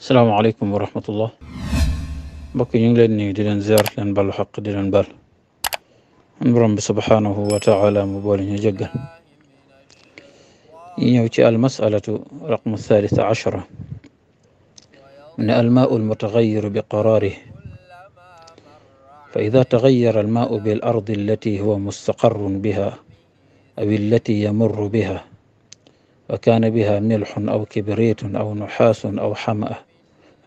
السلام عليكم ورحمة الله بقي ينجلد ني ديلن زيارة لنبال حق ديلن بال نبرم بسبحانه وتعالى مبول يجقا يوتي المسألة رقم الثالث عشرة من الماء المتغير بقراره فإذا تغير الماء بالأرض التي هو مستقر بها أو التي يمر بها وكان بها ملح أو كبريت أو نحاس أو حمأة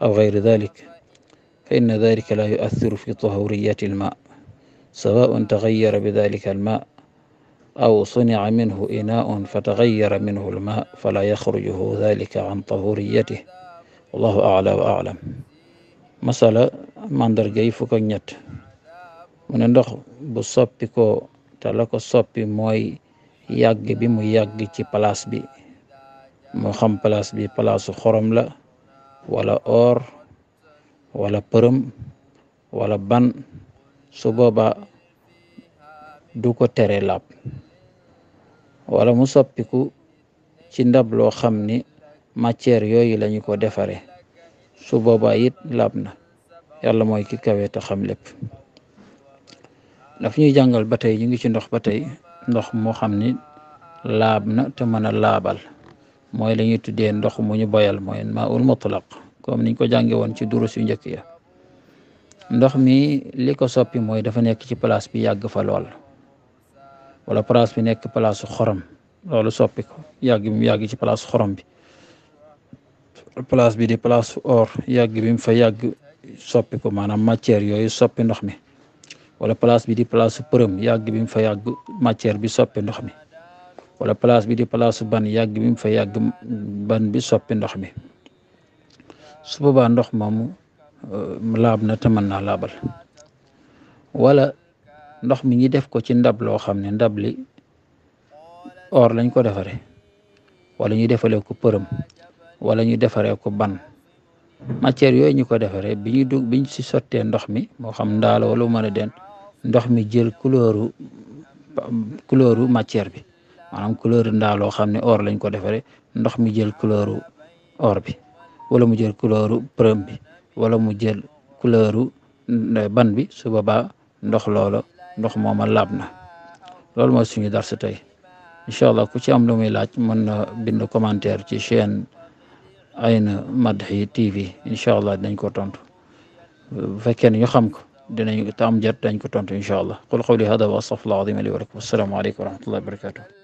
أو غير ذلك فإن ذلك لا يؤثر في طهورية الماء سواء تغير بذلك الماء أو صنع منه إناء فتغير منه الماء فلا يخرجه ذلك عن طهوريته الله أعلى وأعلم مثلا màndarga yi fukk ak من mu ne تلقى bu موي يجب te يجب تي بلاس بي mo xam place bi place xorom la wala or wala perum, wala ban su dukotere du ko téré laab wala mu soppiku ci ndab lo xamni matière yooyu lañu ko defare su boba it labna yalla moy ki kawé ta xam lepp daf ñuy jàngal batay ñu ngi ci ndox batay ndox mo xamni labna te mëna labal moy lañu tuddé ndox mu ñu boyal mooy maa mutlaq comme niñ ko jànge won ci durus yu ñëk ya ndox mi li ko soppi moy dafa nekk ci place bi yagg fa lool wala place bi nekk place xorom loolu soppi ko yagg bi yagg ci place xorom bi place bi di place or yagg bi mu fa yagg soppi ko manam matière yoyu soppi ndox mi wala place bi di place përëm yagg bi mu fa yagg matière bi soppi ndox mi wala place bi di place ban yag bi mu fa yag ban bi soppi ndox mi su baba ndox moomu eh, laab na tamanna laabal wala ndox mi ngi def ko ci ndab lo xamne ndab li or lañ ko defare wala ñu defale ko përëm wala ñu defare ko ban matière yoy ñu ko defare biñu dug biñ ci sottee ndox mi mo xam wala den ndox mi jël couleuru couleuru matière bi maanaam couleur ndaa loo xam ne or lañ ko defaree ndox mi jël couleuru or bi wala mu jël couleuru përëm bi wala mu jël couleuru euh, ban bi su boobaa ndox loola ndox mooma laab na loolu mooy suñu darsu tey incha allah ku ci am lu muy laaj mën na bind commentaire ci chaîne Aïnou Madhi TV incha allah dinañ ko tontu bu fekkee ne ko dinañ te am jot dañ ko tontu incha allah qul qawli hada wa astaghfirullah li wa lakum assalaamu aleykum wa rahmatullahi wa barakatuh